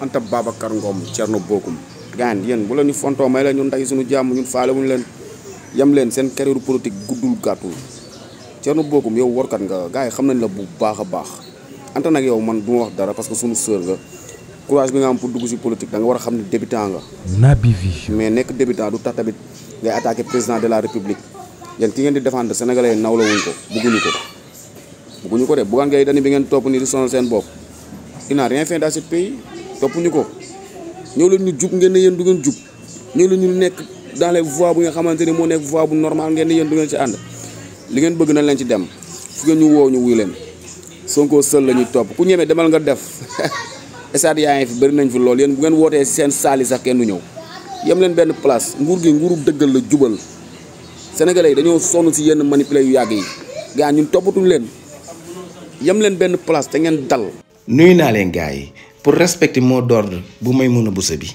anta babakar ngom cerno bokum gan yeen bu leni fonto may la ñun nday suñu jamm ñun faale wuñ len yam len sen carrière politique guddul gatu cerno bokum yow kat nga gaay xam nañ la bu baaxa baax anta nak yow man bu wax dara parce que suñu sœur nga courage bi nga am pour dugg ci politique da nga wara xam débutant nga nabi vi mais nek débutant du tax tamit ngay attaquer président de la république yeen ki ngeen di défendre sénégalais nawla wuñ ko bëgguñu ko bëgguñu ko de bu gan ngay dañ bi ngeen top ni di sonal sen bop il n'a rien fait dans ce pays topuñu ko ñew leen ñu jup ngeen ne yéen du ngeen jub ñëw leen ñu nekk dans les voies bu nga xamanteni mo nekk voie bu normal ngeen ne yéen du ngeen ci and li ngeen bëgg na leen ci dem fu ngeen ñu wo ñu wuy leen sonko seul lañu top ku ñëmé demal nga def estad yaay fi bari nañ fi lool yeen bu ngeen woté seen sali sax kenn du ñëw yem leen benn place nguur gi nguuru deggal la jubal sénégalais dañoo sonu ci yeen manipuler yu yagg yi gaa ñun topatuñ leen yam leen benn place te ngeen dal nuy naa leen gaay pour respecter mot d'ordre bu may mën a busa bi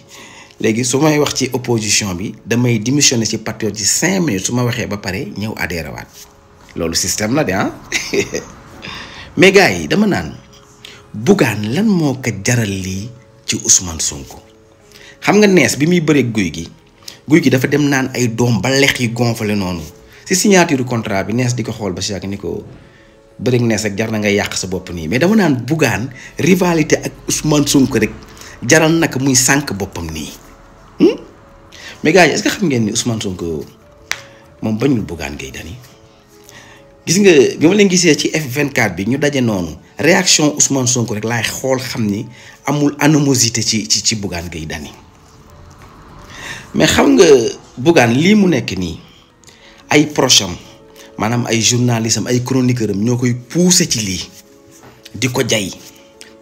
léegi su may wax ci opposition bi damay démissionner ci patriote ci cinq minutes su ma waxee ba pare ñëw adhéré waat loolu système la de ah mais yi dama naan Bougane lan moo ko jaral lii ci Ousmane Sonko xam nga nees bi muy bëreeg guy gi guy gi dafa dem naan ay doom ba lex yi gonfale noonu si signature contrat bi nees di ko xool ba si yàgg ni ko. bëri nees rek jar na ngay yàq sa bopp nii mais dama naan buggaan rivalité ak Ousmane sunk rek jaral naka muy sànq boppam nii hmm? mais gars yi est-ce xam ngeen ni Ousmane sunk moom bañul Bougane Gueye Dany gis nga bi leen gisee ci F24 bi ñu daje noonu réaction Ousmane Sonko rek lay xool xam ni amul animosité ci ci ci Bougane Gueye Dany mais xam nga Bougane lii mu nekk nii ay proches maanaam ay journaliste ay chroniqueur am ñoo koy pousser ci lii di ko jay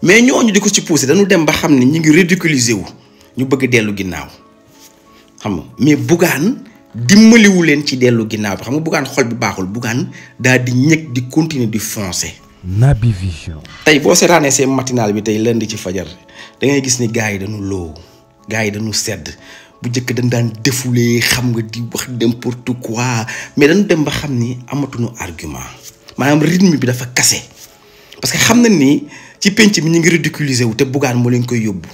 mais ñooñu di ko ci pousser dañu dem ba xam ne ñu ngi ridiculiser wu ñu bëgg dellu ginnaaw xam nga mais Bougane dimbaliwu leen ci dellu ginnaaw xam nga Bougane xol bi baaxul Bougane daal di ñëg di continuer di foncer. Naby Vision. tey boo seetaanee seen matinal bi tey lënd ci fajar da ngay gis ni gars yi dañu loo gars yi dañu sedd. bu jëkk dañ daan défouler xam nga di wax n'importe quoi mais dañ dem ba xam ni amatuñu argument maanaam rythme bi dafa kase parce que xam na ni ci penc mi ñu ngi ridiculiser wu te bugaan moo leen koy yóbbu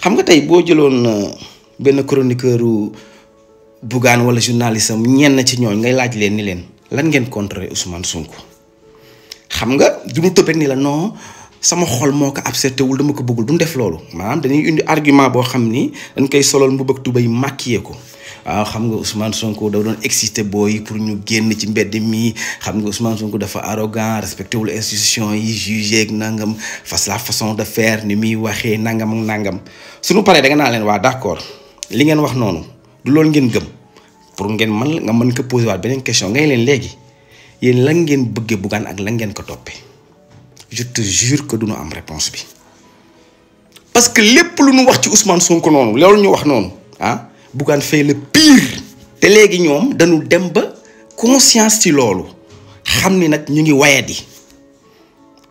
xam nga tey boo jëloon euh, benn chroniqueur bugaan wala journaliste ñenn ci ñooñ ngay laaj leen ni leen lan ngeen contrer Ousmane Sonko xam nga du ñu ni la non sama xol moo ko accepté wul dama ko bëggul duñ def loolu maanaam dañuy indi argument boo xam ni dañ koy solol mu bëgg tubay maquillé ko waaw xam nga Ousmane Sonko da doon excité booy pour ñu génn ci mbedd mi xam nga Ousmane Sonko dafa arrogant respecté wul institution yi jugé ak nangam face la façon de faire ni muy waxee nangam nangam suñu paree da naa leen waa d'accord li ngeen wax noonu du loolu ngeen gëm pour ngeen man nga mën ko posé waat beneen question ngay leen léegi yéen lan ngeen bëggee Bougane ak la ngeen ko toppee. je te jure que duñu am réponse bi parce que lépp lu ñu wax ci Ousmane Sonko noonu loolu ñu wax non hein ah, bougan fait le pire. te léegi ñoom dañu dem ba conscience ci loolu xam ni nag ñu ngi wayadi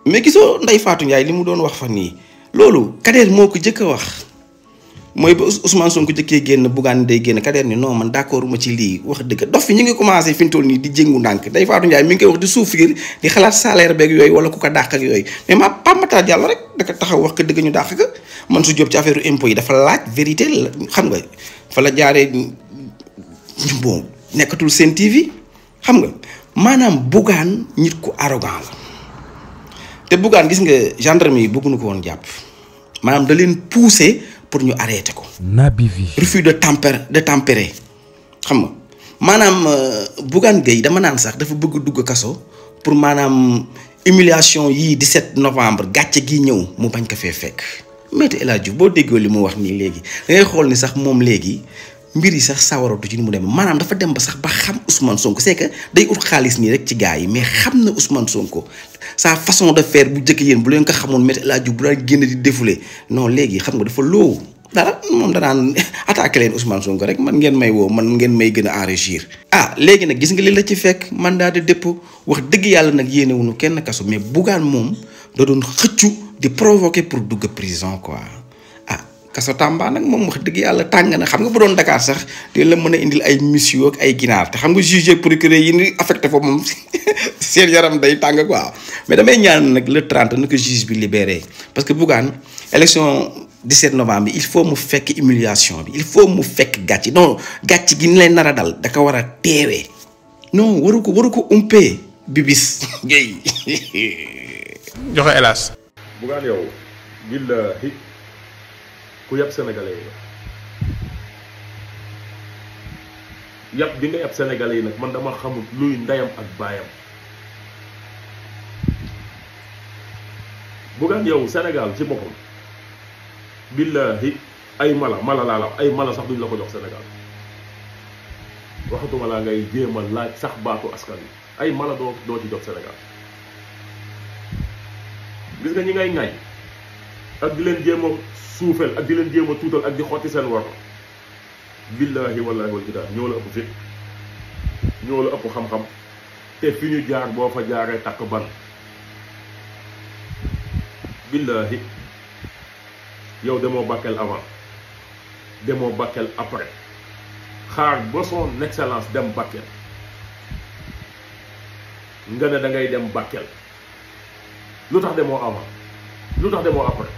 mais gisoo Ndeye Fatou Ndiaye li mu doon wax fa nii loolu Kader moo ko jëkk a wax. moy ba Ousmane Sonko ci jëkkee génn Bougane day génn Kader ni non man d'accord ma ci li wax dëgg dof fi ñi ngi commencé fiñ ñu ni di jéngu ndànk day faatu Ndiaye mi ngi wax di souffrir di xalaat salaire beeg yoy wala ku ko dàq ak yoy mais ma pamataat yàlla rek daka taxaw wax ko dëgg ñu dakk ka man su job ci affaireu impôt yi dafa laaj vérité xam nga fa la jaaree bon nekatul sen TV xam nga maanaam Bougane nit ku arrogant la te Bougane gis nga gendarmerie bëggu ñu ko won japp manam da leen pousser pour nous arrêter quoi. Naby Vi. refus de tempérer de tempérer xam nga maanaam euh, Bougane Gueye dama naan sax dafa bëgg dugg kaso pour maanaam humiliation yii 17 novembre gàcce gi ñëw mu bañ ko fee fekk. Maître El Hadji Diouf boo déggoo li mu wax nii léegi da ngay xool ni sax moom léegi mbir yi sax sawaratu ci ni mu dem maanaam dafa dem ba sax ba xam Ousmane Sonko c'est que day ut xaalis nii rek ci gars yi mais xam na Ousmane Sonko sa façon de faire bu njëkk yéen bu leen ko xamoon métti laaj bu daan di défulé non léegi xam nga dafa loowu dara moom danaan attaqué leen Ousmane Sonko rek man ngeen may woo man ngeen may gën a enrichir. ah léegi nag gis nga li la ci fekk man daa de dépôt wax dëgg yàlla nag yéenewu nu kenn kaso mais Bougane moom da doon xëccu di provoquer pour dugg prison quoi. kaso Tamba nag moom wax dëgg yàlla tàng na xam nga bu doon Dakar sax di la mën a indil ay mission ak ay ginaar te xam nga juge procureur yi ni affecté foofu moom seen yaram day tàng quoi mais damay ñaan nag le 30 na ko juge bi libéré parce que Bougane élection 17 novembre bi il faut mu fekk humiliation bi il faut mu fekk gàcc non gàcc gi ni lay nar a dal da ko war a teewee non waru ko waru ko umpee bibis ngay joxe hélas Bougane ku yab sénégalais yi la yab bi nga yab yi nag man dama xamul luy ndeyam ak baayam Bougane yow Sénégal ci boppam billahi ay mala mala laa la ay mala sax duñ la ko jox Sénégal waxatuma laa ngay jéem laaj sax baatu askan wi ay mala doo doo ci jox Sénégal gis nga ñi ngay ŋañ. ak di len jéem soufel ak di len jéem a ak di xoti sen war billahi wallahi wal kitaab ñoo la ëpp fi ñoo la ëpp xam-xam te fi ñu jaar bo fa jaaré tak ban billahi yow demo bakkel avant demo bakkel après xaar ba son excellence dem bakkel nga ne da ngay dem bakkel lutax demo avant lutax demo après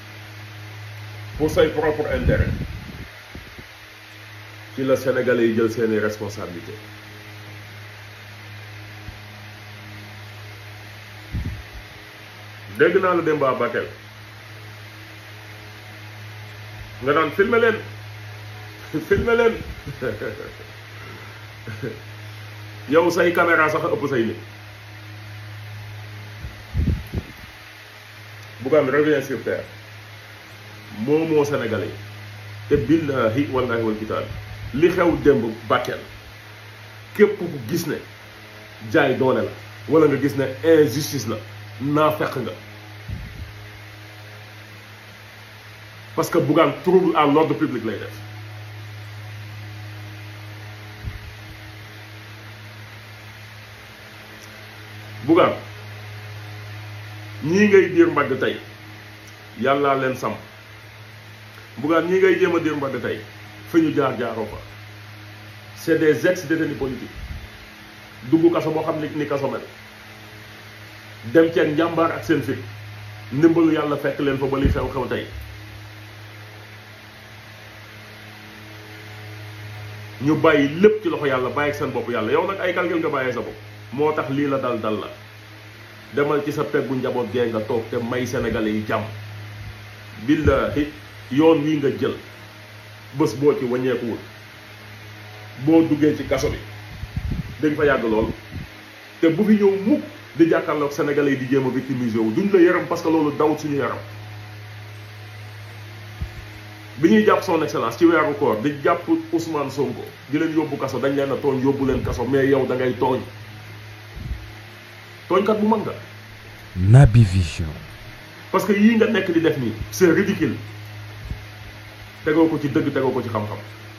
pour say propre intérêt ci la sénégalais yi jël seeni responsabilité dégg naa la démb à nga naan filmer leen filmer leen yow say caméra sax ëpp say nit Bougane revient sur terre moomoo sénégalais yi te billahi wallahi wal kitaab li xew démb bàkkeel képp gis ne jaay doole la wala nga gis ne injustice la naa fekk nga parce que Bougane trouble à l'ordre public lay def Bougane ñii ngay diir mbagg tey yàllaa leen sam Bougane ñi ngay jéem a démb de tey fi ñu jaar jaaroo fa c'est des ex détenus politiques dugg kaso boo xam ne ni kaso mel dem ceeg njàmbaar ak seen fit ndimbalu yàlla fekk leen fa ba li xew xew tey ñu bàyyi lépp ci loxo yàlla bàyyi seen bopp yàlla yow nag ay calcul nga bàyyee sa bopp moo tax lii la dal dal la demal ci sa peggu njaboot gee nga toog te may sénégalais yi jàmm billahi yoon wi nga jël bés boo ci wul boo duggee ci kaso bi dañ fa yàgg lool te bu fi ñëw mukk di ak sénégalais di jéem a victimisé wu duñ la yaram parce que loolu daw suñu yaram bi ñuy jàpp son excellence ci weeru koor di jàpp Ousmane Sonko di leen yóbbu kaso dañ leen a tooñ yóbbu leen kaso mais yow da ngay tooñ kat bu mag nga. Naby Vision. parce que yii nga nekk di def nii c' est ridicule tegoo ko ci dëgg tegoo ko ci xam-xam